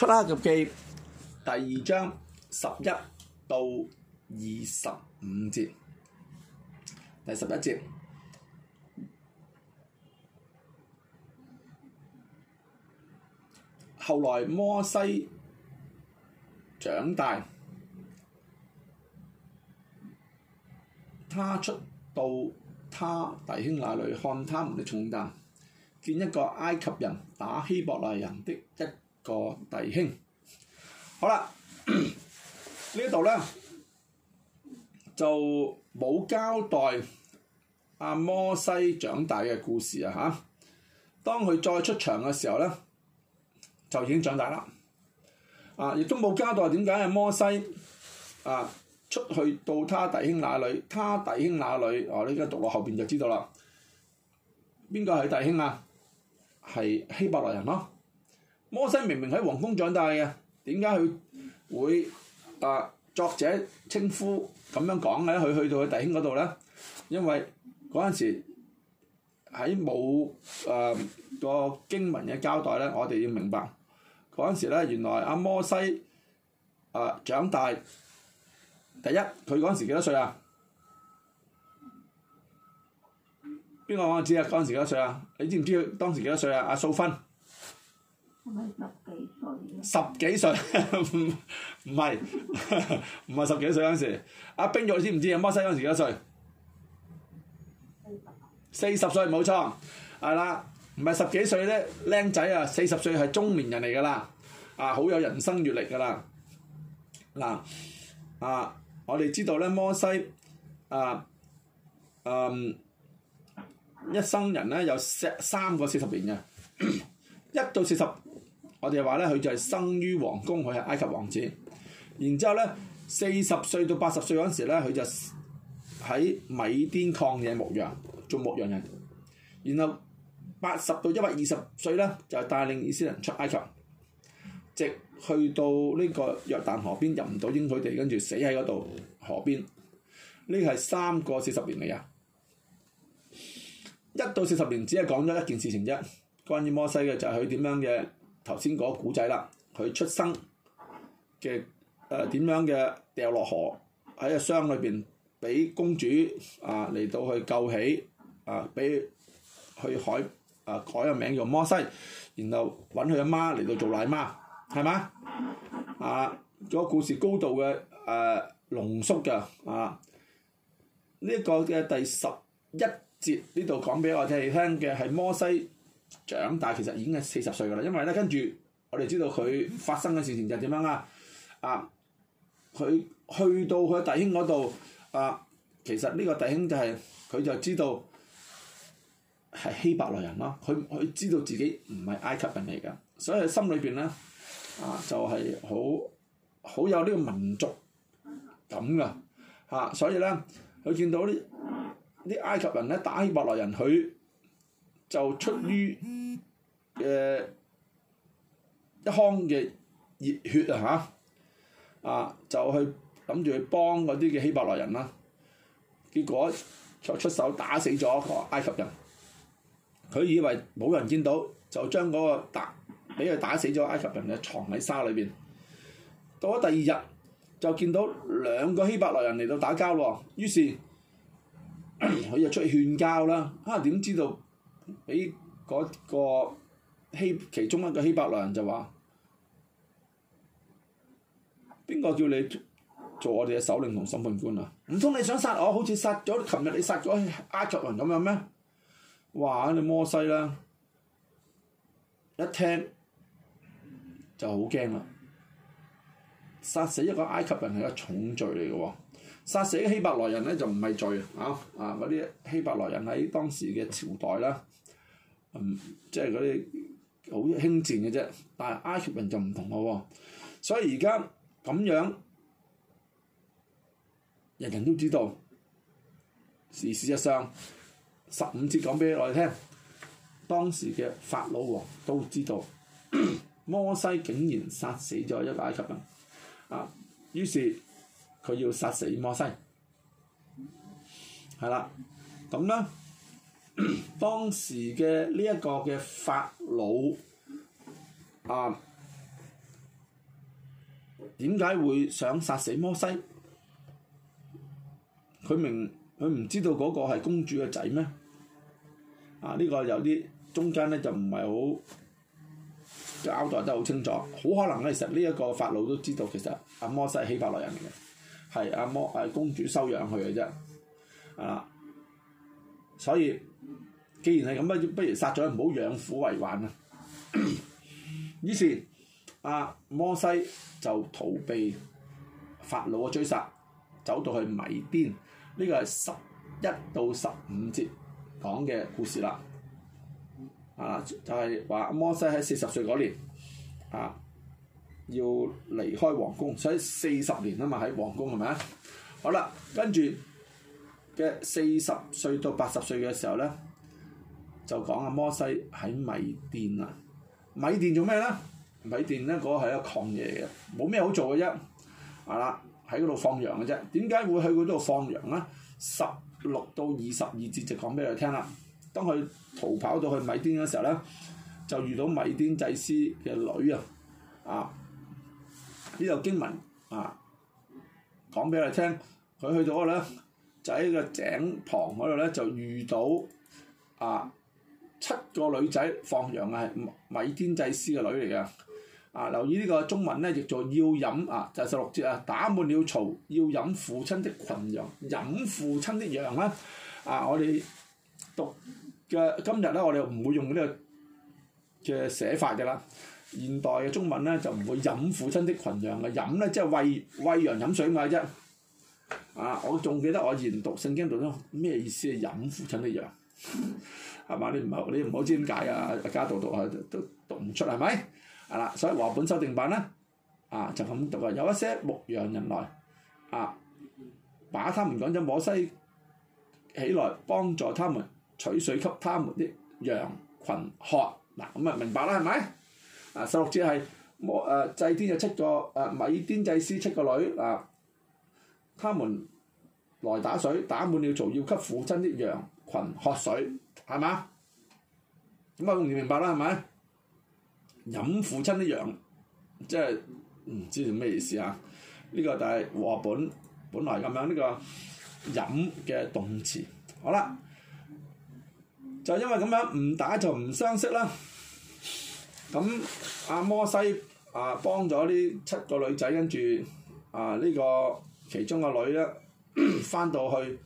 出埃及記第二章十一到二十五節。第十一節，後來摩西長大，他出到他弟兄那裡，看他們的重擔，見一個埃及人打希伯來人的一個弟兄，好啦， 呢度咧就冇交代阿摩西長大嘅故事啊嚇。當佢再出場嘅時候咧，就已經長大啦。啊，亦都冇交代點解阿摩西啊出去到他弟兄那裡，他弟兄那裡哦？你而家呢個讀落後邊就知道啦。邊個係弟兄啊？係希伯來人咯。摩西明明喺皇宮長大嘅，點解佢會啊作者稱呼咁樣講咧？佢去到佢弟兄嗰度咧，因為嗰陣時喺冇啊個經文嘅交代咧，我哋要明白嗰陣時咧，原來阿摩西啊長大第一，佢嗰陣時幾多歲啊？邊個話我知啊？嗰陣時幾多歲啊？你知唔知佢當時幾多歲啊？阿素芬？十幾歲？ 是 十幾歲，唔唔係唔係十幾歲嗰陣時。阿、啊、冰玉知唔知啊？摩西嗰陣時多歲幾多歲？四十歲，冇錯，係啦，唔係十幾歲咧，僆仔啊，四十歲係中年人嚟㗎啦，啊，好有人生閲歷㗎啦。嗱、啊，啊，我哋知道咧，摩西啊啊一生人咧有三三個四十年嘅， 一到四十。我哋話咧，佢就係生於皇宮，佢係埃及王子。然之後咧，四十歲到八十歲嗰陣時咧，佢就喺米甸曠野牧羊，做牧羊人。然後八十到一百二十歲咧，就係帶領以色列人出埃及，直去到呢個約旦河邊入唔到應許地，跟住死喺嗰度河邊。呢個係三個四十年嚟啊！一到四十年只係講咗一件事情啫，關於摩西嘅就係佢點樣嘅。頭先嗰古仔啦，佢出生嘅誒點樣嘅掉落河，喺個箱裏邊俾公主啊嚟到去救起，啊俾去海啊改啊改個名叫摩西，然後揾佢阿媽嚟到做奶媽，係嘛？啊，嗰個故事高度嘅誒濃縮嘅啊，呢一、啊呢個嘅第十一節呢度講俾我聽你聽嘅係摩西。長大其實已經係四十歲噶啦，因為咧跟住我哋知道佢發生嘅事情就係點樣啊？啊，佢去到佢弟兄嗰度啊，其實呢個弟兄就係、是、佢就知道係希伯來人咯，佢佢知道自己唔係埃及人嚟噶，所以佢心裏邊咧啊就係好好有呢個民族感噶嚇、啊，所以咧佢見到啲啲埃及人咧打希伯來人，佢。就出於嘅、嗯、一腔嘅熱血啊！嚇啊，就去諗住去幫嗰啲嘅希伯來人啦、啊。結果就出手打死咗個埃及人。佢以為冇人見到，就將嗰個打俾佢打死咗埃及人嘅藏喺沙裏邊。到咗第二日，就見到兩個希伯來人嚟到打交咯、啊。於是佢就出去勸交啦。啊，點知道？俾嗰個希其中一個希伯來人就話：邊個叫你做我哋嘅首領同審判官啊？唔通你想殺我？好似殺咗琴日你殺咗埃及人咁樣咩？哇！你摩西啦，一聽就好驚啦！殺死一個埃及人係一個重罪嚟嘅喎，殺死希伯來人咧就唔係罪啊！啊，嗰啲希伯來人喺當時嘅朝代啦。嗯，即係嗰啲好興戰嘅啫，但係埃及人就唔同咯喎、哦，所以而家咁樣人人都知道，事事實上十五節講俾我哋聽，當時嘅法老王都知道 摩西竟然殺死咗一個埃及人，啊，於是佢要殺死摩西，係啦，咁咧。當時嘅呢一個嘅法老啊，點解會想殺死摩西？佢明佢唔知道嗰個係公主嘅仔咩？啊，呢、呢個有啲中間咧就唔係好交代得好清楚，好可能咧，其實呢一個法老都知道，其實阿、啊、摩西係希伯來人嚟嘅，係阿摩係公主收養佢嘅啫，係、啊、所以。既然係咁啊，不如殺咗佢，唔好養虎為患啦。 於是阿、啊、摩西就逃避法老嘅追殺，走到去米甸。呢、這個係十一到十五節講嘅故事啦。啊，就係、是、話摩西喺四十歲嗰年啊，要離開皇宮，所以四十年啊嘛喺皇宮係咪？好啦，跟住嘅四十歲到八十歲嘅時候咧。就講阿摩西喺米甸啊，米甸做咩咧？米甸咧，嗰個係一個曠野嚟嘅，冇咩好做嘅啫。係啦，喺嗰度放羊嘅啫。點解會去嗰度放羊咧？十六到二十二節就講俾佢聽啦。當佢逃跑到去米甸嘅時候咧，就遇到米甸祭司嘅女啊。啊，呢度經文啊，講俾佢聽，佢去到嗰度咧，就喺個井旁嗰度咧，就遇到啊。七個女仔放羊啊，係米天祭司嘅女嚟嘅。啊，留意呢個中文咧，亦做要飲啊，就係十六節啊，打滿了槽，要飲父親的羣羊，飲父親的羊啦。啊，我哋讀嘅今日咧，我哋唔會用呢個嘅寫法嘅啦。現代嘅中文咧就唔會飲父親的羣羊嘅，飲咧即係喂餵羊飲水嘅啫。啊，我仲記得我研讀聖經讀咗咩意思啊？飲父親的羊。 係嘛？你唔好，你唔好知點解啊？阿加道讀係都讀唔出係咪？係啦，所以話本修訂版啦，啊就咁讀啊。有一些牧羊人來，啊把他們趕咗，摩西起來幫助他們取水給他們啲羊羣喝。嗱，咁啊明白啦係咪？啊十六節係摩誒祭天就七個誒米甸祭司七個女啊，他們來打水，打滿了槽要給父親啲羊。群喝水係嘛？咁啊完全明白啦，係咪？飲父親一樣，即係唔、嗯、知係咩意思啊？呢、這個就係和本本來咁樣呢、這個飲嘅動詞。好啦，就因為咁樣唔打就唔相識啦。咁阿、啊、摩西啊，幫咗呢七個女仔，跟住啊呢、這個其中個女咧翻 到去。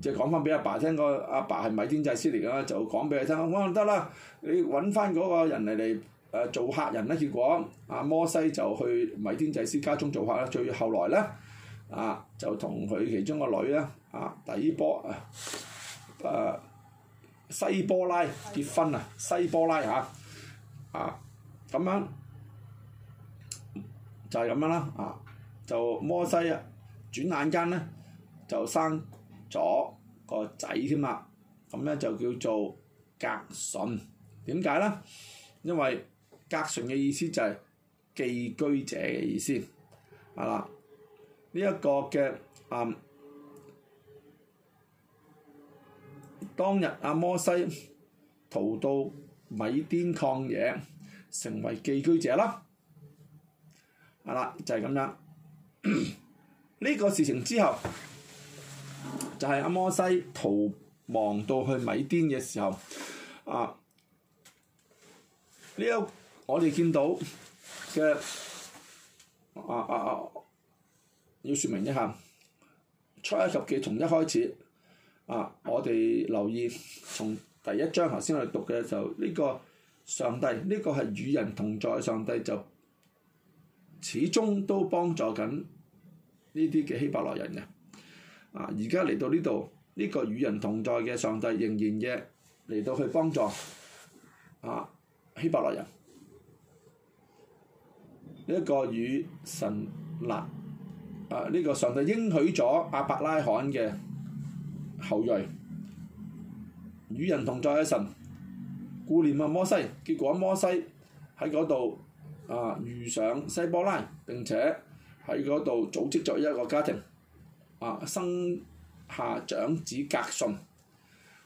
即係講翻俾阿爸、爸、聽、爸、爸聽，個阿爸係米甸祭司嚟啊，就講俾佢聽，哇得啦，你揾翻嗰個人嚟嚟誒做客人啦。結果阿、啊、摩西就去米甸祭司家中做客啦。最後來咧，啊就同佢其中個女咧，啊底波誒、啊、西波拉結婚啊，的西波拉嚇啊咁、啊、樣就係、是、咁樣啦啊，就摩西啊，轉眼間咧就生。咗個仔添啦！咁咧就叫做格順，點解咧？因為格順嘅意思就係寄居者嘅意思，係啦！呢、這、一個嘅啊、嗯，當日阿摩西逃到米甸曠野，成為寄居者啦，係啦，就係、是、咁樣。呢、 這個事情之後。就係阿摩西逃亡到去米甸嘅時候，啊！呢一我哋見到嘅啊啊啊，要說明一下《出埃及記》從一開始，啊，我哋留意從第一章頭先去讀嘅就呢個上帝，呢個係與人同在上帝就始終都幫助緊呢啲嘅希伯來人嘅。啊！而家嚟到呢度，呢、這個與人同在嘅上帝仍然嘅嚟到去幫助啊希伯來人。呢、這、一個與神立啊呢、這個上帝應許咗亞伯拉罕嘅後裔，與人同在嘅神顧念阿摩西，結果阿摩西喺嗰度啊遇上西波拉，並且喺嗰度組織咗一個家庭。啊，生下長子格順，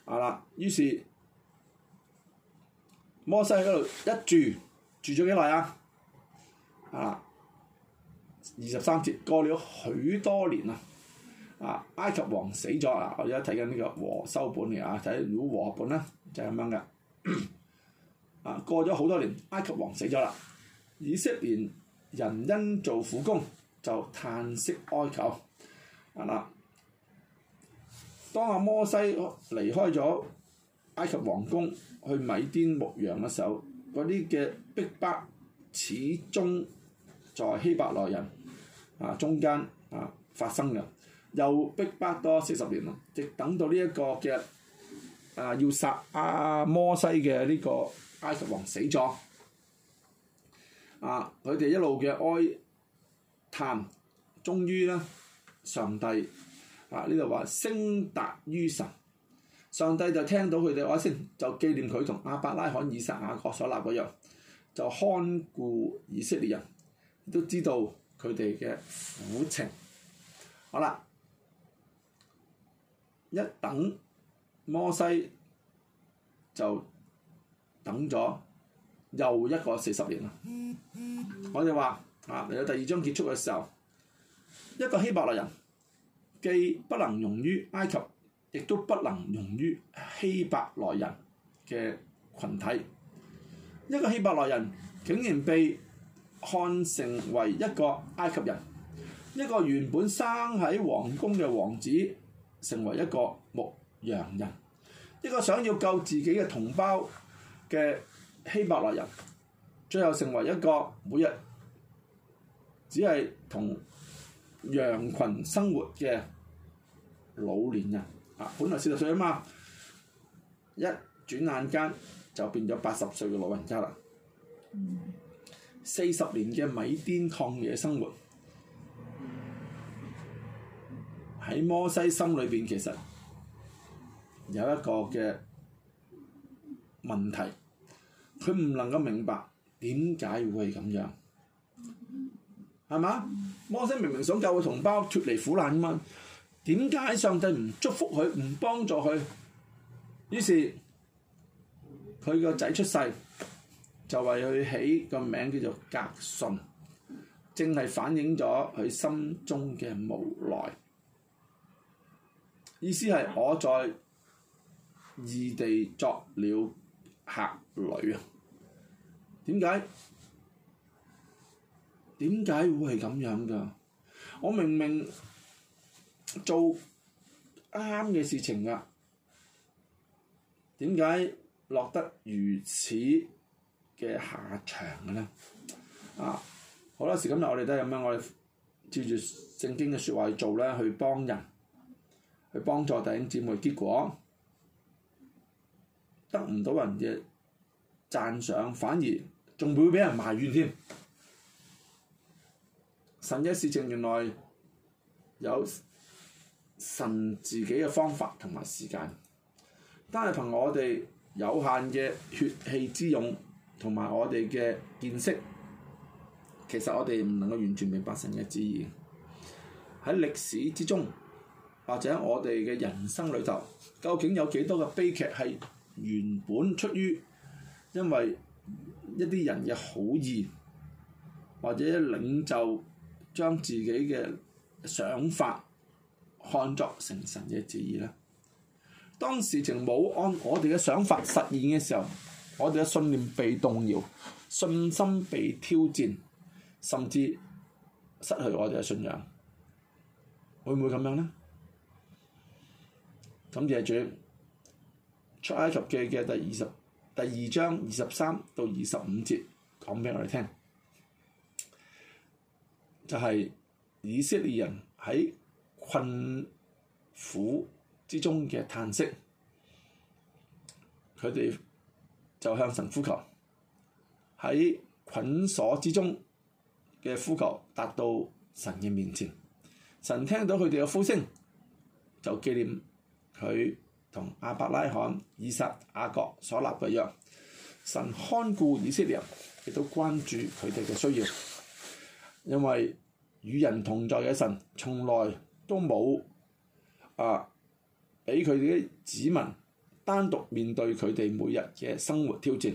啊啦，於是摩西喺嗰度一住，住咗幾耐啊？啊，二十三節過了許多年啦，啊，埃及王死咗啦、啊！我而家睇緊呢個和修本嘅啊，睇魯和合本啦，就係、是、咁樣嘅。啊，過咗好多年，埃及王死咗啦。以色列人因做苦工，就嘆息哀求。係啦，當阿摩西離開咗埃及王宮去米甸牧羊嘅時候，嗰啲嘅逼迫始終在希伯來人啊中間啊發生嘅，又逼迫，迫多四十年啦。直等到呢一個嘅啊要殺阿、啊、摩西嘅呢個埃及王死咗，啊佢哋一路嘅哀嘆，終於咧～上帝啊！呢度話升達於神，上帝就聽到佢哋嘅哀聲，就記念佢同亞伯拉罕、以撒、雅各所立嗰約，就看顧以色列人，都知道佢哋嘅苦情。好啦，一等摩西就等咗又一個四十年啦。我哋話啊，嚟到第二章結束嘅時候。一個希伯來人既不能容於埃及，亦都不能容於希伯來人嘅群體。一個希伯來人竟然被看成為一個埃及人，一個原本生喺皇宮嘅王子成為一個牧羊人，一個想要救自己嘅同胞嘅希伯來人，最後成為一個每日只係同羊群生活嘅老年人，啊，本來四十歲啊嘛，一轉眼間就變咗八十歲嘅老人家啦。四十年嘅米甸曠野生活，喺摩西心裏邊其實有一個嘅問題，佢唔能夠明白點解會係咁樣。係嘛？摩西明明想救佢同胞脫離苦難嘛，點解上帝唔祝福佢、唔幫助佢？於是佢個仔出世就為佢起個名叫做格順，正係反映咗佢心中嘅無奈。意思係我在異地作了客旅啊！點解？點解會係咁樣噶？我明明做啱嘅事情噶，點解落得如此嘅下場嘅咧？啊！好多時今日我哋都係咁樣，我哋照住聖經嘅説話去做咧，去幫人，去幫助弟兄姊妹，結果得唔到人嘅讚賞，反而仲會俾人埋怨添。神嘅事情原來有神自己嘅方法同埋時間，單係憑我哋有限嘅血氣之勇同埋我哋嘅見識，其實我哋唔能夠完全明白神嘅旨意。喺歷史之中，或者我哋嘅人生裏頭，究竟有幾多嘅悲劇係原本出於因為一啲人嘅好意，或者領袖，將自己嘅想法看作成神嘅旨意咧，當事情冇按我哋嘅想法實現嘅時候，我哋嘅信念被動搖，信心被挑戰，甚至失去我哋嘅信仰，會唔會咁樣咧？咁就係主出埃及記嘅第二十第二章二十三到二十五節講俾我哋聽。就係以色列人喺困苦之中嘅嘆息，佢哋就向神呼求，喺捆鎖之中嘅呼求達到神嘅面前，神聽到佢哋嘅呼聲，就記念佢同亞伯拉罕、以撒、雅各所立嘅約，神看顧以色列人，亦都關注佢哋嘅需要。因為與人同在嘅神，從來都冇啊俾佢哋啲子民單獨面對佢哋每日嘅生活挑戰，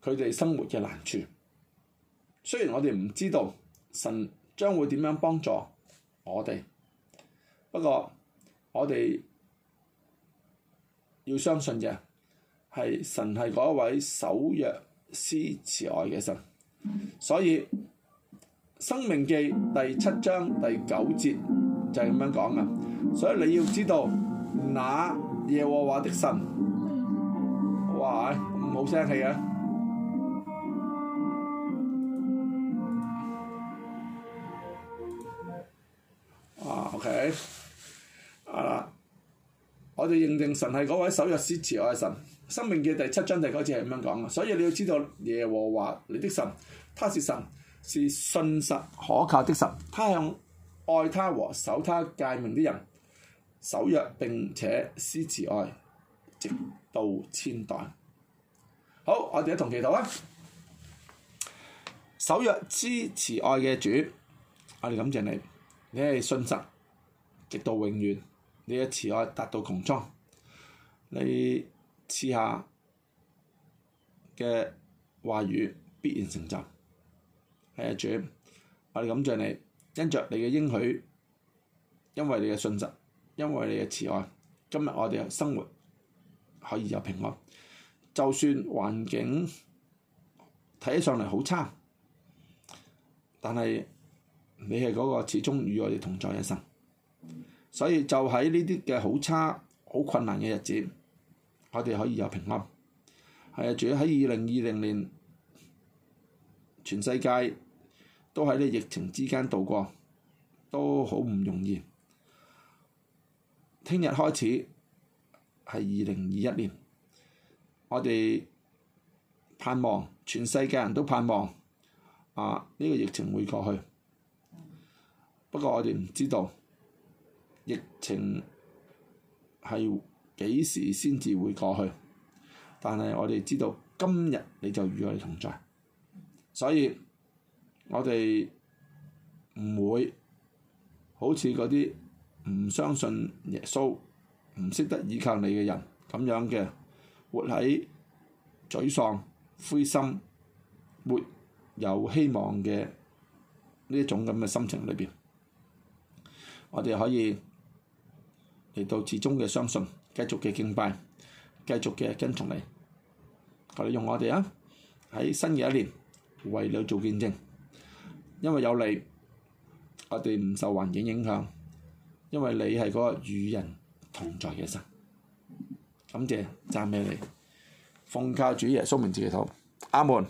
佢哋生活嘅難處。雖然我哋唔知道神將會點樣幫助我哋，不過我哋要相信嘅係神係嗰一位守約施慈愛嘅神，所以。生命記第七章第九節就係咁樣講嘅，所以你要知道那耶和華的神，哇，唔好聲氣嘅、啊，啊，OK，啊，我哋認定神係嗰位守約施慈愛神。生命記第七章第九節係咁樣講嘅，所以你要知道耶和華你的神，他是神。是信實可靠的神，他向愛他和守他誡命的人守約並且施慈愛，直到千代。好，我哋一同祈禱啊！守約施慈愛嘅主，我哋感謝你，你係信實，直到永遠。你嘅慈愛達到穹蒼，你賜下嘅話語必然成就。係啊，主，我哋感謝你，因着你嘅應許，因為你嘅信實，因為你嘅慈愛，今日我哋嘅生活可以有平安。就算環境睇起上嚟好差，但係你係嗰個始終與我哋同在一生。所以就喺呢啲嘅好差、好困難嘅日子，我哋可以有平安。係啊，主，喺二零二零年，全世界。都喺呢疫情之間度過，都好唔容易。聽日開始係二零二一年，我哋盼望全世界人都盼望啊！呢個疫情會過去。不過我哋唔知道疫情係幾時先至會過去，但係我哋知道今日你就與我哋同在，所以。我哋唔會好似嗰啲唔相信耶穌、唔識得倚靠你嘅人咁樣嘅，活喺沮喪、灰心、沒有希望嘅呢一種咁嘅心情裏邊，我哋可以嚟到始終嘅相信，繼續嘅敬拜，繼續嘅跟從你，我哋用我哋啊，喺新嘅一年，為你做見證。因為有你，我哋唔受環境影響，因為你係嗰個與人同在嘅神，感謝讚美你，奉靠主耶穌名字祈禱，阿門。